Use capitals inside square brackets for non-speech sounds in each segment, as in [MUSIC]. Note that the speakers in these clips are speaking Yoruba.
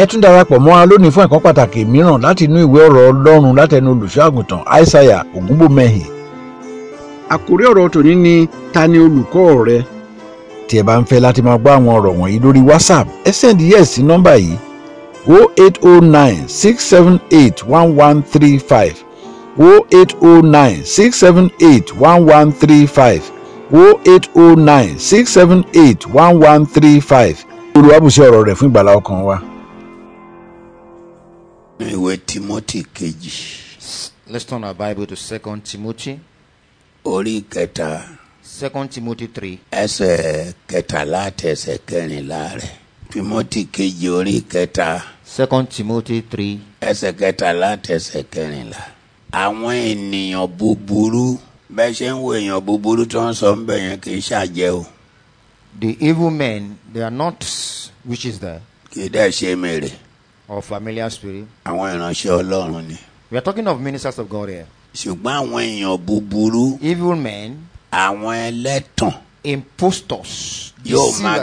ẹ tún darapọ̀ mọ́ A lónìí fún ẹ̀kọ́ pàtàkì mìíràn láti inú ìwé ọ̀rọ̀ ọlọ́run látẹnu olùṣọ́àgùntàn aishaiya ògúnbòmẹ́hìn. àkórí ọ̀rọ̀ tòní ni ta ni olùkọ́ rẹ. tí ẹ bá ń fẹ́ láti máa gbọ́ àwọn ọ̀rọ̀ wọ̀nyí lórí whatsapp ẹ send yes sí nọ́mbà yìí 08096781135 08096781135 08096781135 olùwàbùsẹ̀ ọ̀rọ̀ rẹ̀ fún ìgbàlá ọkàn wa ìwé timothy kejì. let's turn our bible to second timothy. orí kẹta. second timothy three. ẹsẹ̀ kẹtàlá àti ẹsẹ̀ kẹrìnlá rẹ̀ timothy kejì orí kẹta. second timothy three. ẹsẹ̀ kẹtàlá àti ẹsẹ̀ kẹrìnlá. àwọn ènìyàn búburú bẹ́ẹ̀ ṣe ń wo èèyàn búburú tó ń sọ ń bẹ̀ yẹn kì í ṣàjẹ́ o. the evil men they are not witches there. kì í dẹ̀ ṣe mèrè. or familiar spirit. àwọn ìránṣẹ́ ọlọ́run ni. we are talking of ministers of God here. ṣùgbọ́n àwọn èèyàn búburú. evil men. àwọn ẹlẹ́tàn. impostors. yóò máa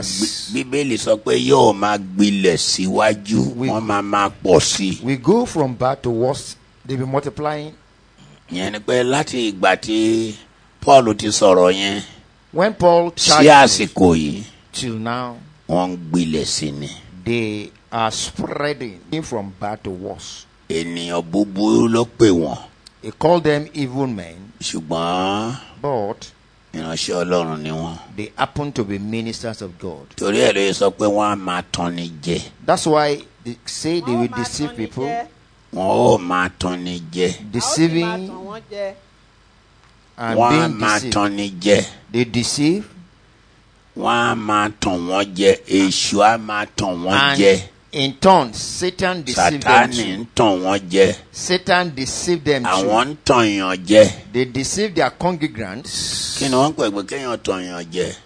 bíbélì sọ pé yóò máa gbilẹ̀ síwájú wọ́n máa máa pọ̀ sí. we go from bad to worse they be multiplying. yẹn ni pé láti ìgbà tí ti sọ̀rọ̀ yẹn. when paul sí àsìkò yìí. till now. wọ́n ń gbilẹ̀ sí ni. they are spreading from bad to worse. ènìyàn búburú he called them evil men. but. they happen to be ministers of God. that's why they say they will deceive people. Oh, ó máa deceiving and being deceived. they deceive. wọn á máa tàn wọn jẹ in turn satan deceived them. satan deceived them. àwọn they deceived their congregants.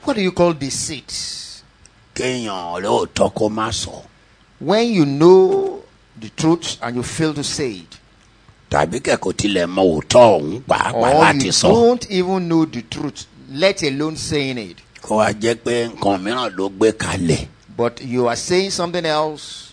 what do you call deceit. when you know the truth and you fail to say it. tàbí kẹ́kọ̀ọ́ tilẹ̀ mọ òótọ́ pàápàá láti sọ. or you don't even know the truth let alone saying it. kó wa jẹ́ pé nǹkan mìíràn ló gbé kalẹ̀. but you are saying something else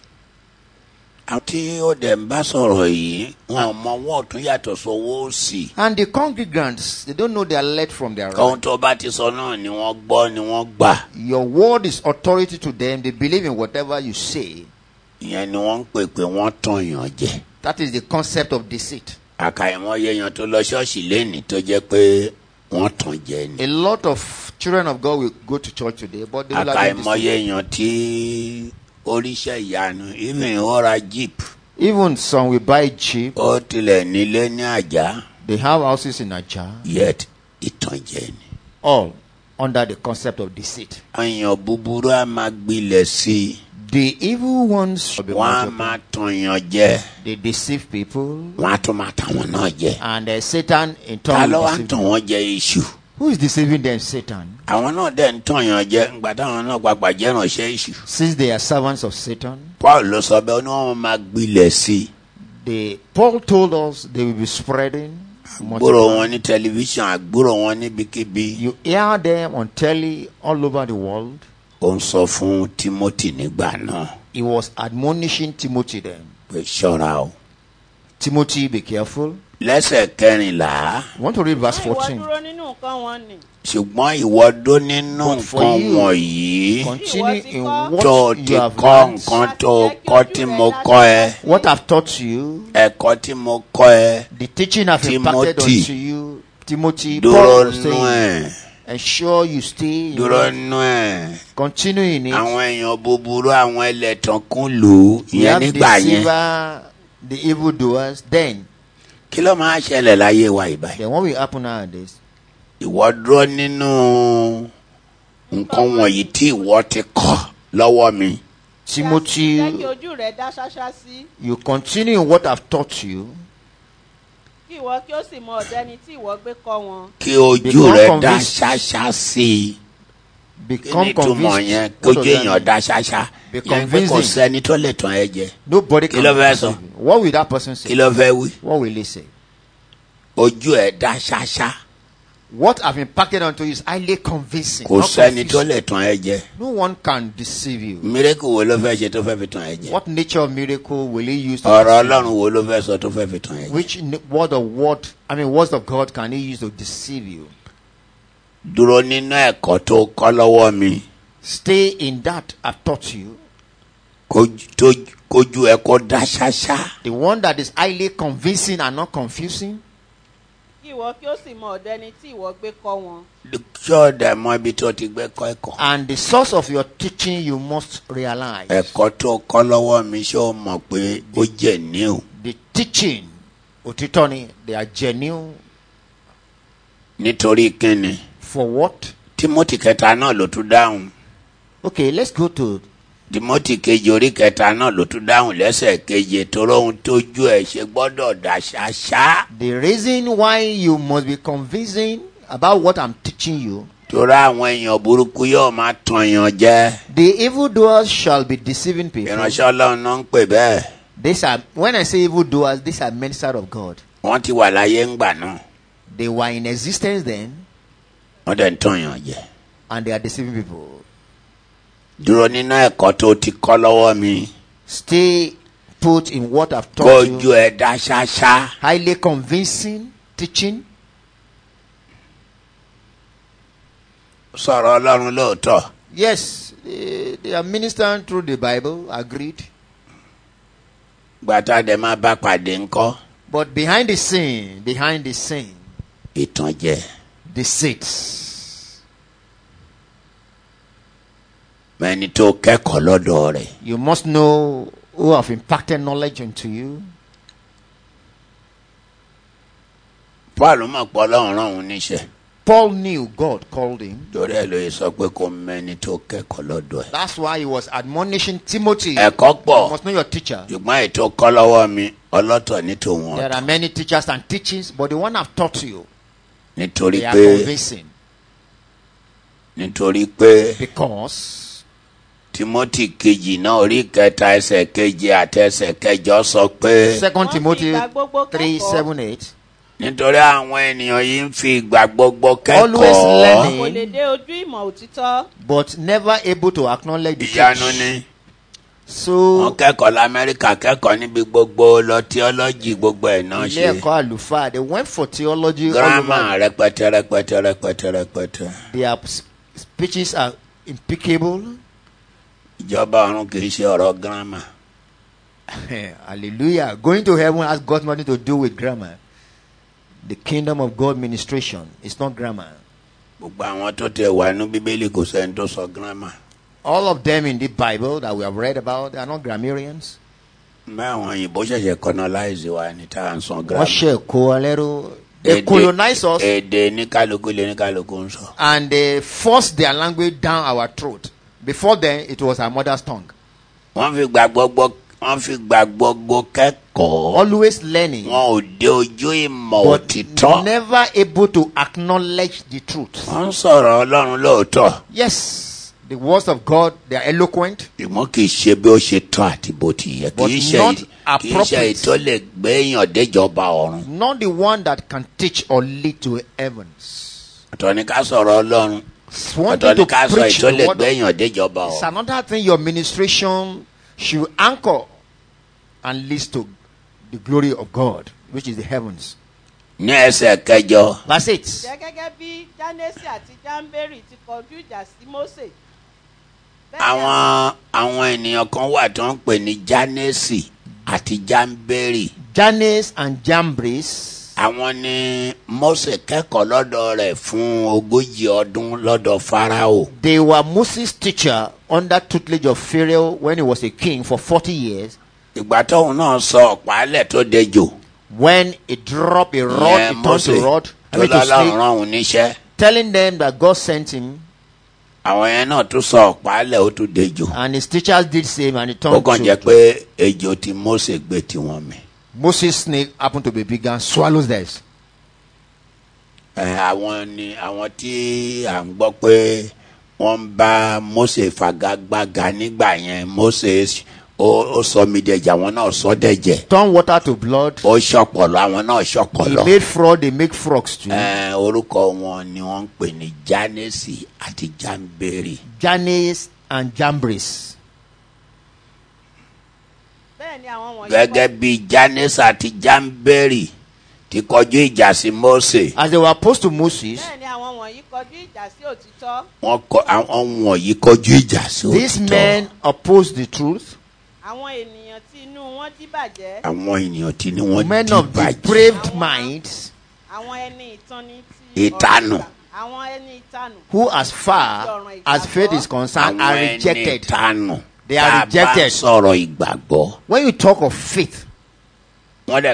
ń bá sọ̀rọ̀ yìí wọn ò mọ ọwọ́ ọ̀tún yàtọ̀ sówó and the congregants they don't know their led from their right. ohun tó bá ti sọ náà ni wọ́n gbọ́ ni wọ́n gbà. your word is authority to them they believe in whatever you say. ìyẹn ni wọ́n ń pè pé wọ́n tàn yàn jẹ. that is the concept of deceit. àkàìmọ̀ yẹyàn tó lọ ṣọ́ọ̀ṣì lẹ́nìí tó jẹ́ pé wọ́n tàn jẹ ni. a lot of children of God will go to church today but they will not be deceived. àkàìmọ̀ yẹyàn tí. oríṣẹ́ ìyanu even ọ̀ra jeep. even some will buy jeep. ó tilẹ̀ nílé ní àjà. they have houses in àjà. yet ìtànjẹ ni. all under the concept of deceit. àyàn búburú a máa gbilẹ̀ sí i. The evil ones. Wọ́n á máa tọ̀yàn jẹ. They deceive people. Wọ́n á tún máa tàwọn náà jẹ. And uh, Satan in turn. Ta ló wá tàn wọ́n jẹ iṣu? Who is deceiving them? Satan. Àwọn náà dẹ̀ ń tàn yàn jẹ ńgbà táwọn náà pàpà jẹ́ ránṣẹ́ èṣù. Since they are servants of Satan. Paul ló sọ bẹ́ẹ̀ ni wọ́n máa gbilẹ̀ sí i. The Paul told us they will be spreading. Àgbúrò wọn ní tẹlifíṣàn, àgbúrò wọn níbikíbi. You hear them on telly all over the world. Ó ń sọ fún Timothy nígbà náà. He was admonishing Timothy then. Pé ṣọ́ra o. Timothy be careful lẹ́sẹ̀ kẹrìnlá. I want to read verse fourteen. ṣùgbọ́n ìwọ dó nínú nǹkan wọ̀nyí. continue in what tó ti kọ́ nǹkan tó kọ́ tí mo kọ́ ẹ. what I've taught you. ẹ̀kọ́ tí mo kọ́ ẹ. the teaching I've imparted to you. Timothy Paul saying ensure you stay. dúró nù ẹ. continue in it. àwọn èèyàn búburú àwọn ẹlẹ́tàn kún lù ú yẹn nígbà yẹn. the evil doers then kí ló máa ṣẹlẹ̀ láyé wa ìbáyìí. then what will happen nowadays. ìwọ dúró nínú nǹkan wọ̀nyí tí ìwọ ti kọ́ lọ́wọ́ mi. Timothy, you continue what I've taught you. kí ojú rẹ dá ṣáṣá sí i. kí ni ìtumọ̀ yẹn kí èèyàn dá ṣáṣá be convincing. Nobody can convince What will that person say? What will he say? What I've impacted onto you is highly convincing. No one can deceive you. What nature of miracle will he use to deceive you? Which word of word, I mean, words of God can he use to deceive you? Stay in that I've taught you. The one that is highly convincing and not confusing. And the source of your teaching you must realize. The, the teaching, òtítọ́ ni, they are genuine. Nítorí kíni. For what? Timothy kẹta náà ló tún dáhùn okay let's go to. timothy kejì orí kẹta náà ló tún dáhùn lẹ́sẹ̀ keje toróhun tójú ẹ̀ ṣe gbọ́dọ̀ dà ṣáṣá. the reason why you must be convincing about what i'm teaching you. torá àwọn èèyàn burúkú yóò máa tan èèyàn jẹ. the evil doers shall be deceiving people. ìránṣẹ́ ọlọ́run náà ń pè bẹ́ẹ̀. these are when i say evil doers these are ministers of god. wọ́n ti wà láyé ńgbà náà. they were in existence then. wọ́n dẹ̀ ń tan èèyàn jẹ. and they are deceiving people dúró nínú ẹ̀kọ́ tó ti kọ́ lọ́wọ́ mi. stay put in what I've taught you. kojú ẹ̀dá ṣáṣá. highly convincing teaching. sọ̀rọ̀ ọlọ́run lóòótọ́. yes they, eh, they are ministering through the bible agreed. gbàtà dẹ̀ máa bá pàdé ńkọ́. but behind the scene behind the scene. ìtànjẹ. deceit. tó kẹ́kọ̀ọ́ lọ́dọ̀ rẹ̀. you must know who have impacted knowledge into you. Paul òun níṣẹ́. Paul knew God called him. Torí ẹ̀ ló yẹ sọ pé kò mẹ́ni tó kẹ́kọ̀ọ́ lọ́dọ̀ ẹ̀. That's why he was admonishing Timothy. Ẹ̀kọ́ pọ̀. You must know your teacher. Ṣùgbọ́n ètò kọ́ lọ́wọ́ mi ọlọ́tọ̀ ní tòun. There are many teachers and teachings but the one I've taught you. Nítorí pé. They are convincing. Nítorí pé. Because. timothy kejì náà orí kẹta ẹsẹ̀ keje àti ẹsẹ̀ kẹjọ sọ pé. second timothy three seven eight. nítorí àwọn ènìyàn yìí ń fi ìgbà gbogbo kẹ́kọ̀ọ́. always learning. but never able to acknowledge the ìyanu ni so. wọn kẹkọọ lamẹrika kẹkọọ níbi gbogbo lọ theology gbogbo ẹ náà ṣe. ilé ẹkọ àlùfáà they went for theology. grammar rẹpẹtẹ rẹpẹtẹ rẹpẹtẹ rẹpẹtẹ. their speeches are impeccable. ìjọba ọ̀run kì í ṣe ọ̀rọ̀ grammar. [LAUGHS] hallelujah going to heaven has got nothing to do with grammar the kingdom of God ministration is not grammar. gbogbo àwọn tó tẹ wà nínú bíbélì kò sẹ́ni tó sọ grammar. all of them in the bible that we have read about they are not grammarians. mẹ́wọ̀n òyìnbó ṣẹ̀ṣẹ̀ colonize wa ní tá à ń sọ grammar. wọ́n ṣe kó wa They colonize us. Èdè ní kálukú lé ní kálukú ń sọ. And they force their language down our throat. Before then, it was her mother's tongue. Always learning. But never able to acknowledge the truth. Yes the words of God they are eloquent. Ìmọ̀ kì í ṣe bí ó ṣe tọ́ àti bó ti yẹ. But not appropriate. Not the one that can teach or lead to heavens. Àtọ̀ ni ká sọ̀rọ̀ Ọlọ́run. wanting to preach the word It's another thing your ministration should anchor and leads to the glory of God, which is the heavens. ní ẹsẹ̀ kẹjọ. verse eight. jẹ́ gẹ́gẹ́ bí jánésì àti jámbérì ti kọjú ìjà sí mósè. àwọn àwọn ènìyàn kan wà tó ń pè ní jánésì àti jámbérì. janes and jambres. àwọn ni mose kẹ́kọ̀ọ́ lọ́dọ̀ rẹ̀ fún ogójì ọdún lọ́dọ̀ farao. they were moses teacher under tutelage of pharaoh when he was a king for forty years. ìgbà tóun náà sọ ọ̀pá alẹ̀ tó dejò. when he drop a rod yeah, he turn to rod. òun níṣẹ́. telling them that God sent him. àwọn yẹn náà tún sọ ọ̀pá alẹ̀ ó tún dejò. and his teachers did same and he turned to. ó kàn jẹ́ pé ejò tí mose gbé tiwọn mì. Moses' snake happened to be bigger and swallows theirs. Eh, àwọn ni àwọn tí à ń gbọ́ pé wọ́n ń bá Mose fagagbága nígbà yẹn Moses ó sọ mi dẹ̀jẹ̀ àwọn náà sọ dẹ̀jẹ̀. turn water to blood. ó ṣọpọlọ àwọn náà ṣọpọlọ. he made fraud they make frogs too. ẹ eh, orúkọ wọn ni wọ́n ń pè ní Janesi àti Jambere. Janes and Jambres gẹ́gẹ́ bí Janes àti Jamberi ti kọjú ìjà sí Mose. as they were opposed to Moses. bẹ́ẹ̀ kọ àwọn wọ̀nyí kọjú ìjà sí òtítọ́. these men oppose the truth. àwọn ènìyàn tí inú wọn dí bàjẹ́. àwọn ènìyàn tí inú wọn dí bàjẹ́. men of depraved minds. àwọn ẹni ìtọ́ni ti. ìtanù. who as far as faith is concerned are rejected. àwọn ẹni ìtanù. They are rejected. When you talk of faith, and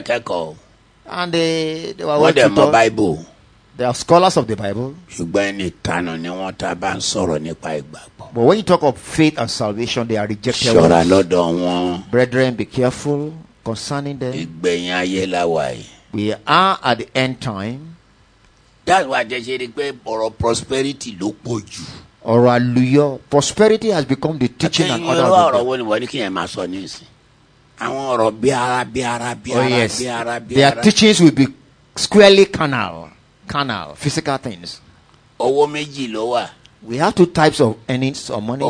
they, they were well the Bible. They are scholars of the Bible. But when you talk of faith and salvation, they are rejected. Brethren, be careful concerning them. We are at the end time. That's why they say prosperity ló pọ̀ jù. Or àlùyọ prosperity has become the teaching and order of the world. àwọn ọ̀rọ̀ their teachings will be squarely carnal carnal physical things. we have two types of earnings or money.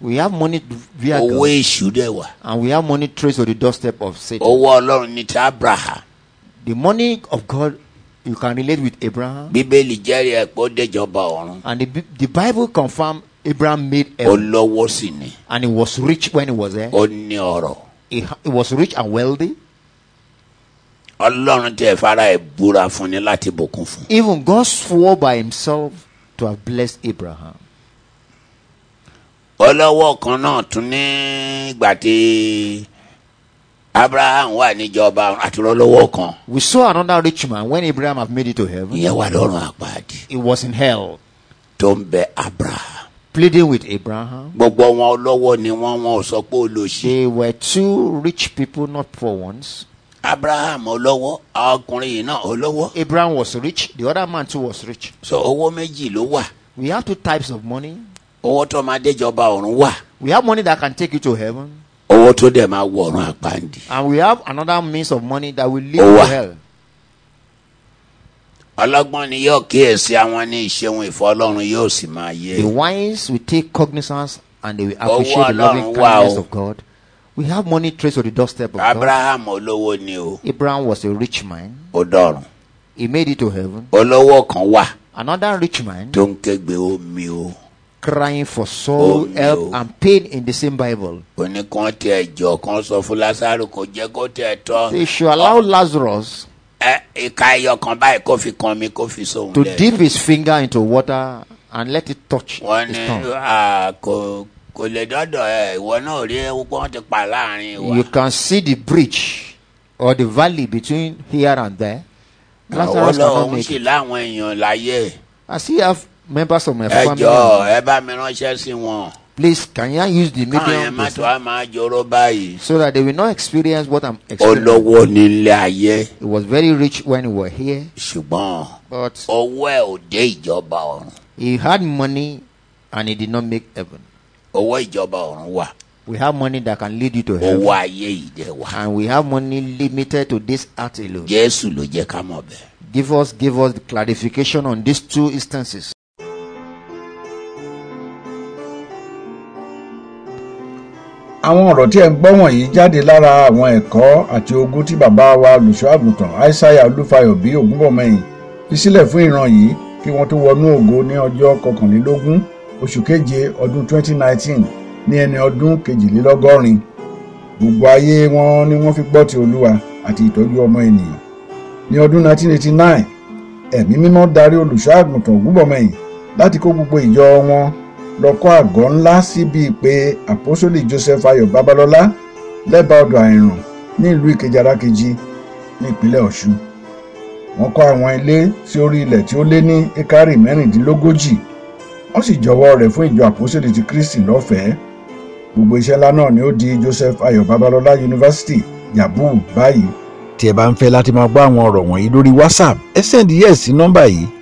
we have money via owó and we have money traced to the doorstep of Satan. the money of God You can relate with Abraham. Bíbélì jẹ́rìí ẹ̀ déjọba ọ̀run. And the, the Bible confirm Abraham made heaven. Olówó sì ni. And he was rich when he was there. Ó ní ọ̀rọ̀. He, was rich and wealthy. Ọlọ́run tẹ fara ẹ̀ búra fún ni láti bùkún fún. Even God swore by himself to have blessed Abraham. Olówó kan náà tún ní ìgbà abraham wà níjọba àtúrọ́lọ́wọ́ kan. we saw another rich man when abraham had made it to heaven. ìyẹn wà lọ́rùn àpáàdì. he was in hell. tó ń bẹ abraham. pleading with abraham. gbogbo wọn ọlọ́wọ́ ni wọ́n wọn sọ pé ó lò sí. they were two rich people not poor ones. abraham ọlọ́wọ́ ọkùnrin yìí náà ọlọ́wọ́. abraham was rich the other man too was rich. so owó méjì ló wà. we have two types of money. owó tó máa déjọba ọ̀run wà. we have money that can take you to heaven. owó tó dẹ̀ máa wọ ọ̀run àpáǹdì. and we have another means of money that will lead to hell. ọlọ́gbọ́n ni yóò kíyèsí àwọn ní ìṣeun ìfọ́ ọlọ́run yóò sì máa yé. the wise will take cognizance and they will appreciate the loving kindness of God. We have money traced on the doorstep of Abraham God. olówó ni o. Abraham was a rich man. Ó dọ̀run. He made it to heaven. Olówó kan wà. Another rich man. Tó ń kégbe omi o. crying for sorrow, oh, help, and pain in the same Bible. They should allow Lazarus to dip his finger into water and let it touch his tongue. You can see the bridge or the valley between here and there. Lazarus cannot make it. I see have members of my family. ẹjọ sí wọn. please can you use the medium. tó a jọrọ so that they will not experience what i'm experiencing. olówó ní ilé ayé. he was very rich when he was here. ṣùgbọ́n but owó ẹ̀ ò dé ìjọba ọ̀run. he had money and he did not make heaven. owó ìjọba ọ̀run wà. We have money that can lead you to heaven. Owó ayé wá. And we have money limited to this earth alone. Jésù ló jẹ́ ká mọ̀ bẹ́ẹ̀. Give us, give us clarification on these two instances. àwọn ọ̀rọ̀ tí ẹ̀ ń gbọ́ wọ̀nyí jáde lára àwọn ẹ̀kọ́ àti ogun tí bàbá wa olùṣọ́ àgùntàn aishaiya olúfayọ bí ògúnbọ̀mọyìn fi sílẹ̀ fún ìran yìí kí wọ́n tó wọnú ògo ní ọjọ́ kọkànlélógún oṣù keje ọdún 2019 ní ẹni ọdún kejìlélọ́gọ́rin gbogbo ayé wọn ni wọ́n fi gbọ́ ti olúwa àti ìtọ́jú ọmọ ènìyàn ní ọdún 1989 ẹ̀mí mímọ́ darí olùṣọ́ àgùntàn ògúnbọ̀mọyìn láti kó gbogbo ìjọ wọn lọ́kọ́ àgọ́ ńlá síbi pé àpọ́sólì Joseph Ayọ̀ Babalọ́lá lẹ́bàá ọ̀dọ̀ àìràn ní ìlú Ìkejì Arákejì ní ìpínlẹ̀ Ọ̀ṣun wọ́n kọ́ àwọn ilé sí orí ilẹ̀ tí ó lé ní ekari mẹ́rìndínlógójì wọ́n sì jọ̀wọ́ rẹ̀ fún ìjọ àpọ́sólì ti Kristi lọ́fẹ̀ẹ́ gbogbo iṣẹ́ ńlá náà ni ó di Joseph Ayọ̀ Babalọ́lá University yabu báyìí. tí ẹ bá ń fẹ́ láti máa gbọ́ àwọn ọ̀rọ̀ wọ̀nyí lórí WhatsApp ẹ sẹ́ndí yẹ̀ sí nọ́mbà yìí 0244